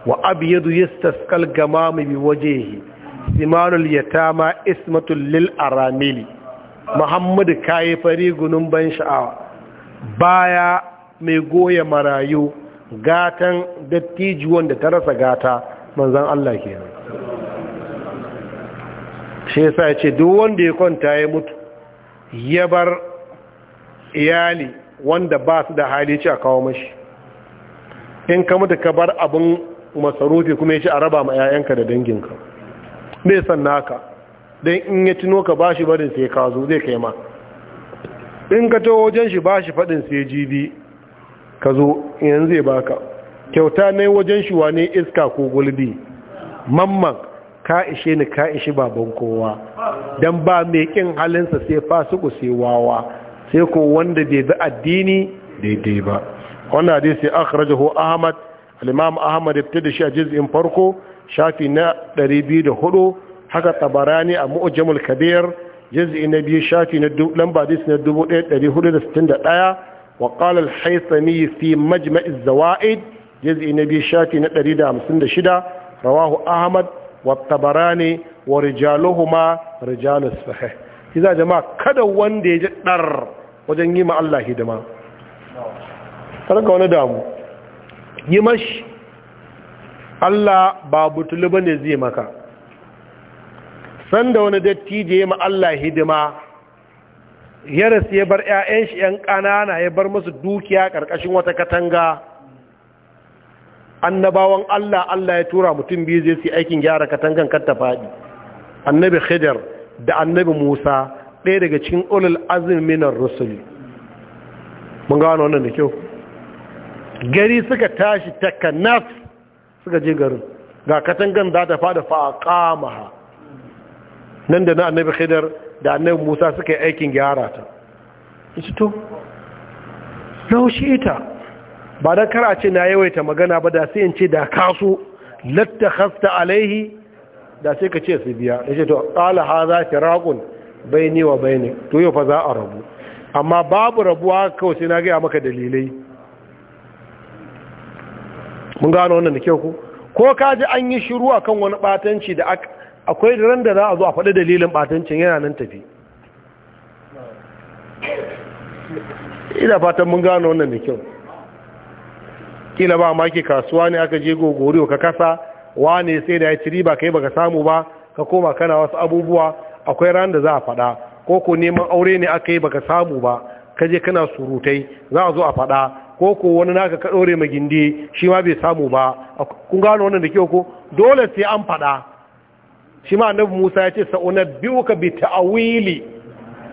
wa abyadu yastasqal gamam bi wajhihi simanul yatama ismatul lil aramili muhammadu kayi fari gunun ban sha'awa baya mai goye marayu gatan dattiji wanda ta rasa gata manzan Allah kenan shi yasa ce duk wanda ya kwanta ya mutu ya bar iyali wanda ba su da hali ci a kawo mashi in ka mutu ka bar abin masarufi kuma ya ci a raba ma 'ya'yanka da danginka bai san naka don in ya tuno ka ba shi barin sai ka zo zai kai ma in ka to wajen shi ba shi faɗin sai jibi ka zo yanzu zai ka. kyauta ne wajen shi wane iska ko gulbi mamman ka ishe ni ka ishe baban kowa don ba mai ƙin halinsa sai fasuku sai wawa sai ko wanda bai bi addini daidai ba wannan hadisi akhrajahu ahmad al-imam ahmad da shi a juz'in farko shafi na 204 haka tabarani a mu'jamul kabir juz'i na biyu shafi na lamba hadisi na 1461 wa qala al-haythami fi majma' az-zawaid juz'i na biyu shafi na 156 rawahu ahmad wa tabarani wa rijaluhuma rijalus sahih kiza jama'a kada wanda ya ji dar wajen yi ma Allah hidima karka wani damu yi mashi Allah ba butulu ba ne zai maka sanda wani datti da yi ma Allah hidima ya rasu ya bar 'ya'yan shi 'yan ƙanana ya bar musu dukiya ƙarƙashin wata katanga annabawan Allah Allah ya tura mutum biyu zai su aikin gyara katangan ta faɗi annabi khidar da annabi Musa ɗaya daga cikin ulul azumi rusuli mun gano wannan da kyau gari suka tashi takanas suka je garin ga katangan za ta fada faƙamaha nan da na annabi khidar da annabi musa suka yi aikin gyara ta isi to ita ba da kara ce na yawaita magana ba da sai in ce da kasu latta hasta alaihi da sai ka ce su biya ya ce to ƙala ha za fi raƙun baini wa baini to yau fa za a rabu amma babu rabuwa kawai sai na gaya maka dalilai mun gano wannan da kyau ku ko ka ji an yi shiru akan wani batanci da akwai ran da za a zo a faɗi dalilin batancin yana nan tafi ina fatan mun gano wannan da kyau kila ba maki kasuwa ne aka je gogoriyo ka kasa wane sai da ya ciri riba kai baka samu ba ka koma kana wasu abubuwa akwai ran da za a faɗa ko ko neman aure ne aka yi baka samu ba kaje kana surutai za a zo a faɗa ko ko wani naka ka dore magindi shi ma bai samu ba kun gano wannan da kyau ko dole sai an faɗa shi ma annabi Musa ya ce biuka bi ta'wili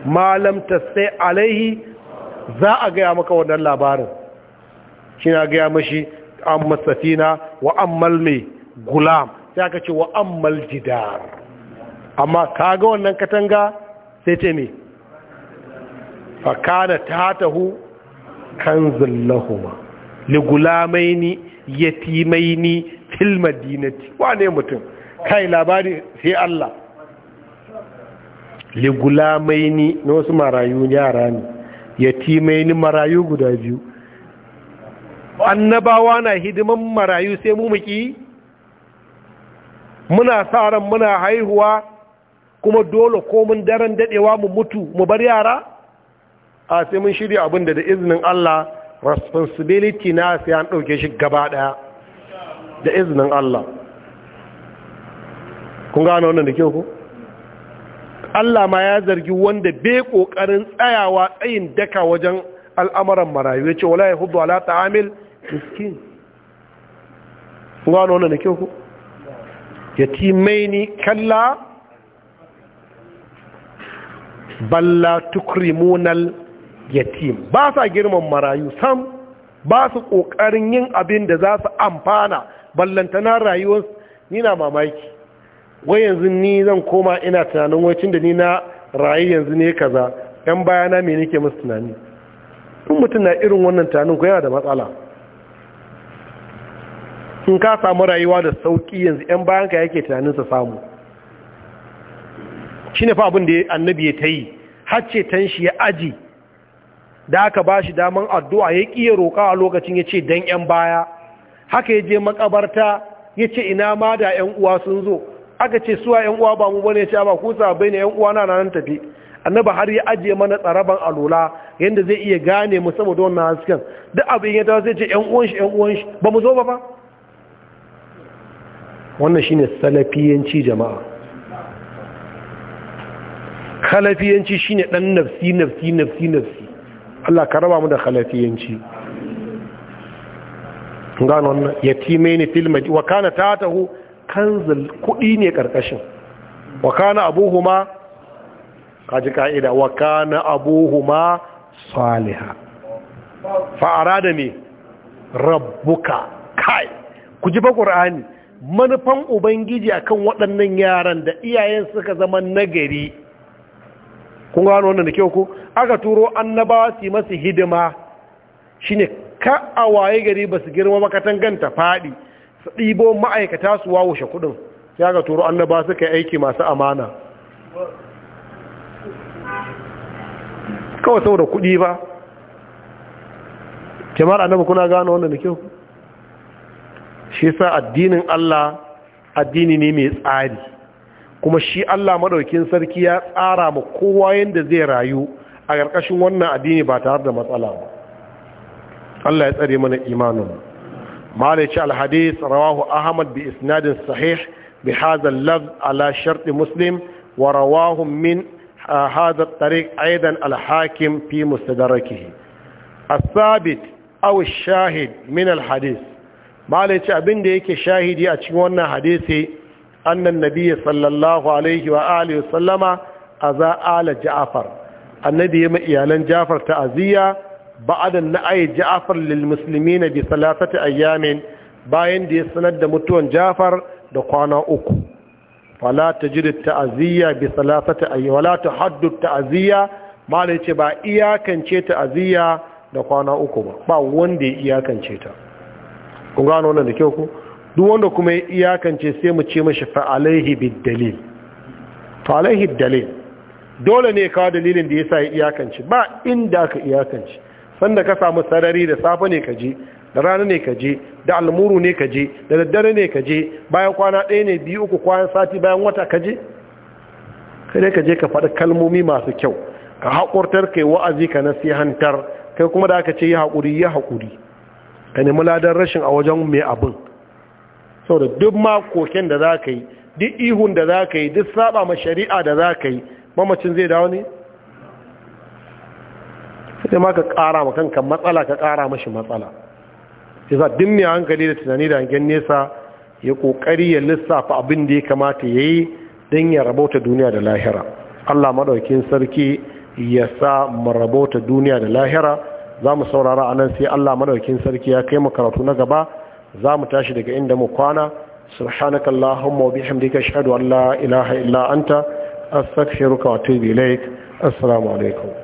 ma lam tasai alaihi za a gaya maka wannan labarin shi na gaya mashi Amma Safina wa ammal mai gulam sai aka ce wa ammal jidar amma ka ga wannan katanga sai ce me fakana tatahu kanzul lahuma li ni yatimaini fil wa wane mutum kai labari sai Allah ligulamai ni na wasu marayu yara ne ni marayu guda biyu annabawa na hidiman marayu sai mu muki muna sa ran muna haihuwa kuma dole komin daren dadewa mu mutu mu bar yara a sai mun shirya abin da da izinin Allah responsibility na sai an dauke shi gaba daya da izinin Allah kun gano wannan da ke ko Allah ma ya zargi wanda be kokarin tsayawa tsayin daka wajen al'amuran marayu ya ce wala ya hudu ala ta'amil miskin kun gano wannan da ke ko yatimai ni kalla balla tukrimunal yatim ba sa girman marayu sam ba su kokarin yin abin da za su amfana ballantana rayuwar ni na mamaki wai yanzu ni zan koma ina tunanin wacin da ni na rayu yanzu ne kaza yan bayana me nake musu tunani in mutum na irin wannan tunanin ko yana da matsala in ka samu rayuwa da sauƙi yanzu yan bayanka yake tunanin su samu ne fa abin da annabi ya ta yi hacce tan shi ya aji da aka ba shi daman addu'a ya ƙiye roƙa a lokacin ya ce don ‘yan baya haka ya je makabarta ya ce ina ma da ‘yan uwa sun zo aka ce suwa ‘yan uwa ba mu bane ya ce ba ku bai ne ‘yan uwa na nan tafi annaba har ya ajiye mana tsaraban alola yadda zai iya gane mu saboda wannan hasken duk abin ya zai ce ‘yan uwan shi ‘yan uwan shi ba mu zo ba ba wannan shine salafiyanci jama'a khalafiyanci shine ɗan nafsi nafsi nafsi nafsi Allah ka raba mu da khalafiyanci gano wannan yatimai ne filma wa kana tatahu kanzul kudi ne karkashin wa kana abuhuma kaji kaida wa kana abuhuma Saliha. fa arada me rabbuka kai ku ji ba qur'ani manufan ubangiji akan waɗannan yaran da iyayen suka zama nagari kun gano wannan da kyau ku? aka turo annabawa su yi masu hidima shine ka a waye gari ba su girma makatan ganta faɗi su ɗibo ma'aikata su wawushe kuɗin sai aka turo annabawa suka yi aiki masu amana kawai saboda kuɗi ba jama'ar annabi kuna gano wannan da kyau shi sa addinin Allah addini ne mai tsari kuma shi Allah madaukin sarki ya tsara ma kowa yanda zai rayu a ƙarƙashin wannan addini ba tare da matsala ba Allah ya tsare mana imanin malaci alhadis rawahu ahmad bi isnadin sahih bi hadha al lab ala shart muslim wa rawahu min uh, hadha at-tariq aidan al-hakim fi mustadrakihi as-sabit aw ash-shahid min al-hadis malici abinda yake shahidi a cikin wannan hadisi annan nabiyyi sallallahu alaihi wa alihi sallama aza ala ja'far annabi ya iyalan ja'far ta'aziyya ba'adan na'ay ja'far lil muslimina bi salasati ayamin bayan da ya sanar da mutuwar ja'far da kwana uku fala tajidu ta'aziyya bi salasati ayyamin wala tahaddu ta'aziyya mala yace ba iyakance ta'aziyya da kwana uku ba ba wanda ya iyakance ta kun gano wannan da kyau ku duk wanda kuma ya iyakance sai mu ce mashi fa'alaihi fa'alaihi dalil dole ne kawo dalilin da yasa ya iyakance ba inda ka iyakance sanda ka samu sarari da safe ne ka je da rana ne ka je da almuru ne ka je da daddare ne ka je bayan kwana ɗaya ne biyu uku kwayan sati bayan wata ka je kada ka je ka faɗi kalmomi masu kyau ka haƙurtar kai wa'azi ka nasihantar kai kuma da aka ce yi haƙuri yi haƙuri ka nemi ladan rashin a wajen mai abin saboda duk makokin da za ka yi duk ihun da za ka yi duk saba ma shari'a da za ka yi mamacin zai dawo ne sai ma ka kara ma kanka matsala ka kara mashi matsala isa duk mai hankali da tunani da hangen nesa ya kokari ya lissafa abin da ya kamata ya yi don ya rabota duniya da lahira allah maɗaukin sarki ya sa mu rabota duniya da lahira za mu saurara a nan sai allah maɗaukin sarki ya kai mu karatu na gaba za mu tashi daga inda mu kwana subhanaka allahumma wa bihamdika ashhadu an la ilaha illa anta astaghfiruka wa atubu ilaik assalamu alaikum